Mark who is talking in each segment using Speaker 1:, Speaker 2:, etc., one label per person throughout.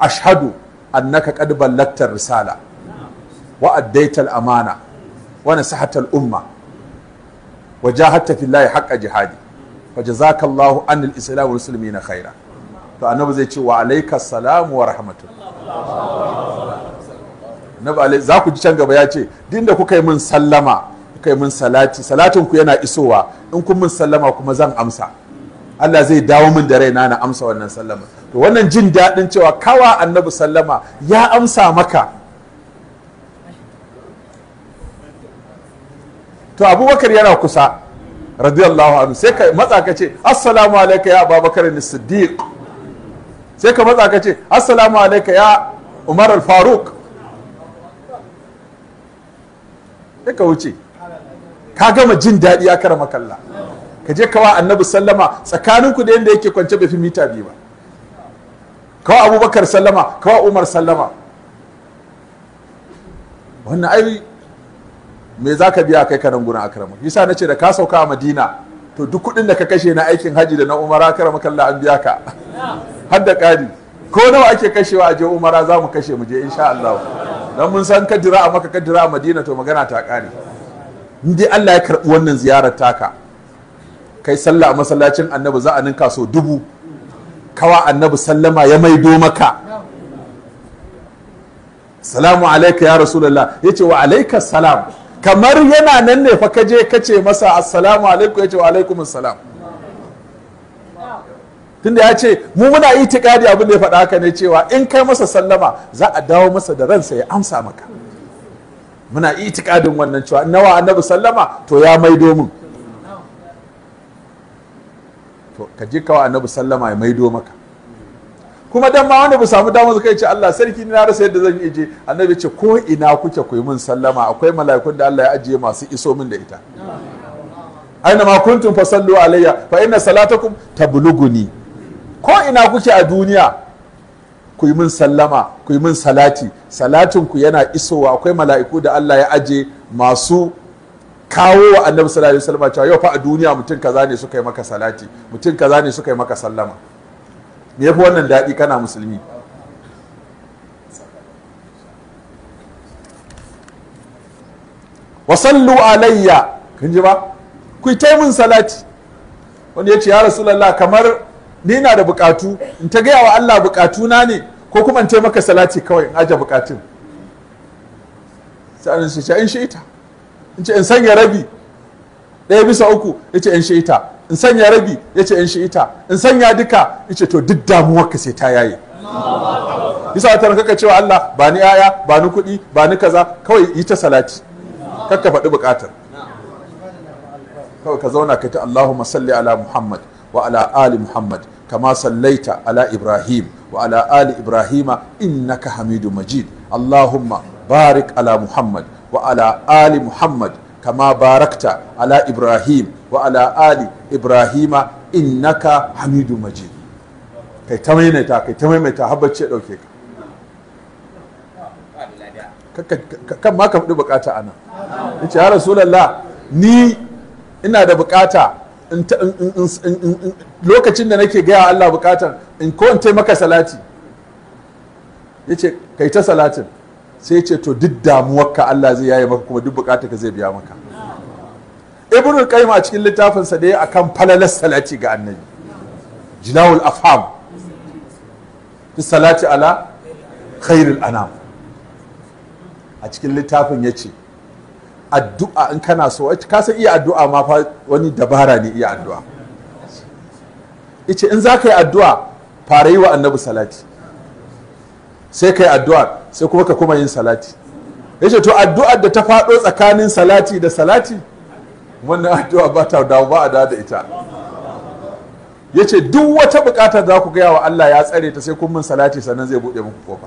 Speaker 1: Ashadu annaka qad ballagta risala wa addaita al-amana wa nasahata al-umma wa jahadta fillahi haqqa jihadi wa jazakallahu anil islam wal muslimina khaira to annabi zai ce wa alayka salamu wa alai za ku ji can gaba ya ce dinda kuka yi min sallama kuka yi min salati salatin ku yana isowa in kun min sallama kuma zan amsa Allah zai dawo min da raina na amsa wannan sallama to wannan jin daɗin cewa kawa annabi sallama ya amsa maka to abubakar yana kusa radiyallahu anhu sai ka matsa ka ce assalamu alaika ya abubakar ni siddiq sai ka matsa ka ce assalamu alaika ya umar al-faruk sai ka wuce ka gama jin daɗi ya kara makalla ka je kawa annabi sallama tsakaninku da yadda yake kwance bai fi mita biyu ba kawa abubakar sallama kawa umar sallama wannan ai me za ka biya kai kanan gurin akramu yasa na ce da ka sauka a madina to duk kuɗin da ka kashe na aikin haji da na umara akramu kalla an biya ka har da ƙari ko nawa ake kashewa a je umara za mu kashe mu je insha Allah dan mun san kadira a maka kadira a madina to magana ta ƙare in dai Allah ya karɓi wannan ziyarar taka kai sallah a masallacin annabi za a ninka so dubu kawa annabi sallama ya maido maka salamu alaika ya rasulullah ya ce wa alaika salam kamar yana nan ne fa kaje kace masa assalamu alaikum ya ce wa alaikum salam tunda ya ce mu muna itikadi abin da ya faɗa haka ne cewa in kai masa sallama za a dawo masa da ransa ya amsa maka muna itikadin wannan cewa nawa annabi sallama to ya maido mun. ka je kawai annabi sallama ya maido maka kuma dan ma wanda ba samu damar su ce Allah sarki ni na rasa yadda zan yi je annabi ce ko ina kuke ku yi min sallama akwai mala'ikun da Allah ya ajiye masu iso min da ita aina ma kuntum fa sallu alayya fa inna salatakum tabluguni ko ina kuke a duniya ku yi min sallama ku yi min salati salatin ku yana isowa akwai mala'iku da Allah ya ajiye masu kawo wa annabi sallallahu alaihi wasallam cewa yau fa a duniya mutum kaza ne suka yi maka salati mutum kaza ne suka yi maka sallama me yafi wannan daɗi kana musulmi wa sallu alayya kun ji ba ku ta min salati wanda ya ce ya rasulullah kamar ni na da bukatu in ta gaya wa Allah bukatu na ne ko kuma in taimaka salati kawai in aje bukatun sa'an su in shi ita in ce in sanya rabi ɗaya bisa uku ya ce in ita. in sanya rabi ya ce in ita. in sanya duka ya ce to duk damuwar ka sai ta yaye bisa ta kaka cewa Allah ba ni yaya ba ni kuɗi ba ni kaza kawai yi ta salati kakka faɗi buƙatar kawai ka zauna ka ta Allahumma salli ala Muhammad wa ala ali Muhammad kama sallaita ala Ibrahim wa ala ali Ibrahima innaka Hamidu Majid Allahumma barik ala Muhammad Ali Muhammad, kama barakta Ala Ibrahim إبراهيم وعلى آل إبراهيم إنك Hamidu مجيد kai ta maimaita kai ta maimaita har bacci ya dauke ka kan ma ka faɗi bukata ana. nan in ce ya rasulallah ni ina da bukata lokacin da nake gaya Allah bukatan in ko in taimaka salati ya ce kai ta salatin sai ce to duk damuwarka Allah zai yaye maka kuma duk bukatar ka zai biya maka ibnu qayyim a cikin littafin sa da akan falalar salati ga annabi jinawul afham fi salati ala khairul anam a cikin littafin yace addu'a in kana so ka san iya addu'a ma fa wani dabara ne iya addu'a yace in za ka yi addu'a fara yi wa annabi salati sai kai addu'a sai kuma ka kuma yin salati yace to addu'ar da ta faɗo tsakanin salati da salati wannan addu'a ba ta dawo ba a da da ita yace duk wata bukata za ku gaya wa Allah ya tsare ta sai kun min salati sannan zai buɗe muku kofa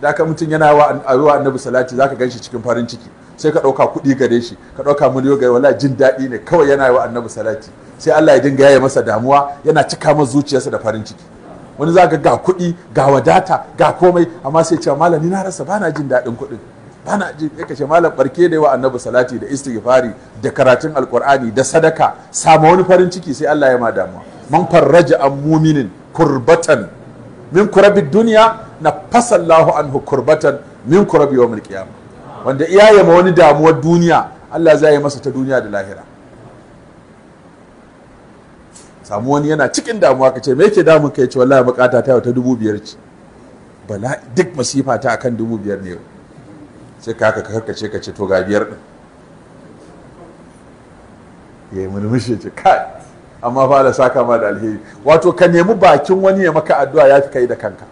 Speaker 1: da ka mutum yana wa annabi salati zaka ganshi cikin farin ciki sai ka ɗauka kuɗi gare shi ka ɗauka miliyo gare wala jin daɗi ne kawai yana wa annabi salati sai Allah ya dinga yaya masa damuwa yana cika masa zuciyarsa da farin ciki wani za ka ga kuɗi ga wadata ga komai amma sai ce malam ni na rasa bana jin daɗin kuɗin bana jin ya kashe malam barke da yawa annabi salati da istighfari da karatun alqur'ani da sadaka samu wani farin ciki sai Allah ya ma damuwa man farraja an muminin kurbatan min kurabi duniya na fasallahu anhu kurbatan min kurabi yawmil qiyamah wanda iyaye ma wani damuwar duniya Allah za zai yi masa ta duniya da lahira samu wani yana cikin damuwa ka ce me yake damun ka ce wallahi bukata ta yau ta dubu biyar ce bala duk masifa ta akan dubu biyar ne sai ka haka karkace ka ce to ga biyar din ya yi murmushi ce kai amma fa da saka ma da alheri wato ka nemi bakin wani ya maka addu'a ya fi kai da kanka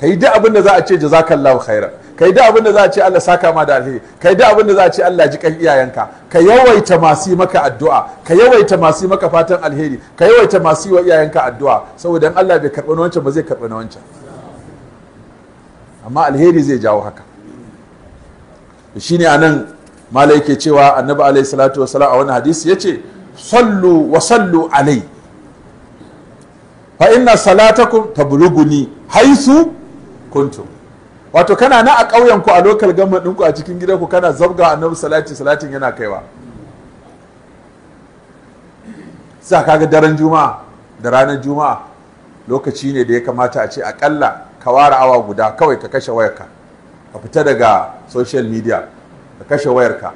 Speaker 1: ka yi duk abin da za a ce jazakallahu khairan kai da abin da za a ce Allah saka ma da alheri kai da abin da za a ce Allah ji kan iyayenka ka yawaita masu yi maka addu'a ka yawaita masu yi maka fatan alheri ka yawaita masu yi wa iyayenka addu'a saboda in Allah bai karɓi na wancan ba zai karɓi na wancan amma alheri zai jawo haka shine nan malai ke cewa annabi alaihi salatu salam a wani hadisi yace sallu wa sallu alai fa inna salatakum tabluguni haisu kuntum wato kana na a ƙauyen ku a lokal gama ɗinku a cikin ku? kana zabga a annabi salati salatin yana kaiwa sa kaga daren juma'a da ranar juma'a lokaci ne da ya kamata a ce akalla ka ware awa guda kawai ka kashe wayarka ka fita daga social media ka kashe wayarka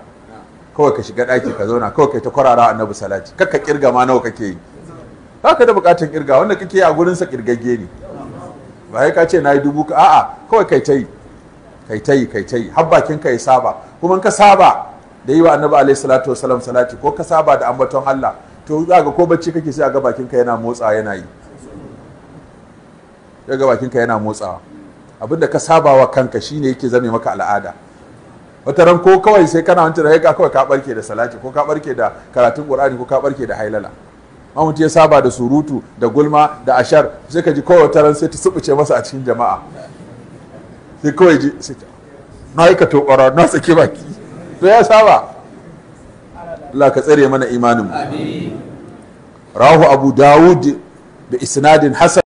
Speaker 1: kawai ka shiga ɗaki ka zauna kawai kai ta kwarara annabi salati kakka kirga ma nawa kake yi haka da bukatun kirga wanda kake a gurin sa kirgagge ne ba ya ce na yi dubu ka a'a kawai kai ta yi kai ta kai ta har bakin ka ya saba kuma ka saba da yi wa annabi alaihi salatu wasalam salati ko ka saba da ambaton Allah to za ko bacci kake sai ga bakin ka yana motsa yana yi ga bakin ka yana motsawa abinda ka saba wa kanka shine yake zame maka al'ada wata ran ko kawai sai kana wancan da kawai ka barke da salati ko ka barke da karatun qur'ani ko ka barke da hailala an ya saba da surutu da gulma da ashar sai ka ji kowa taron sai ta subuce masa a cikin jama'a sai kawai ji sai na yi ka tokoro na sake baki to ya saba Allah ka tsare mana imanin mu rahu abu dawud da isnadin hasan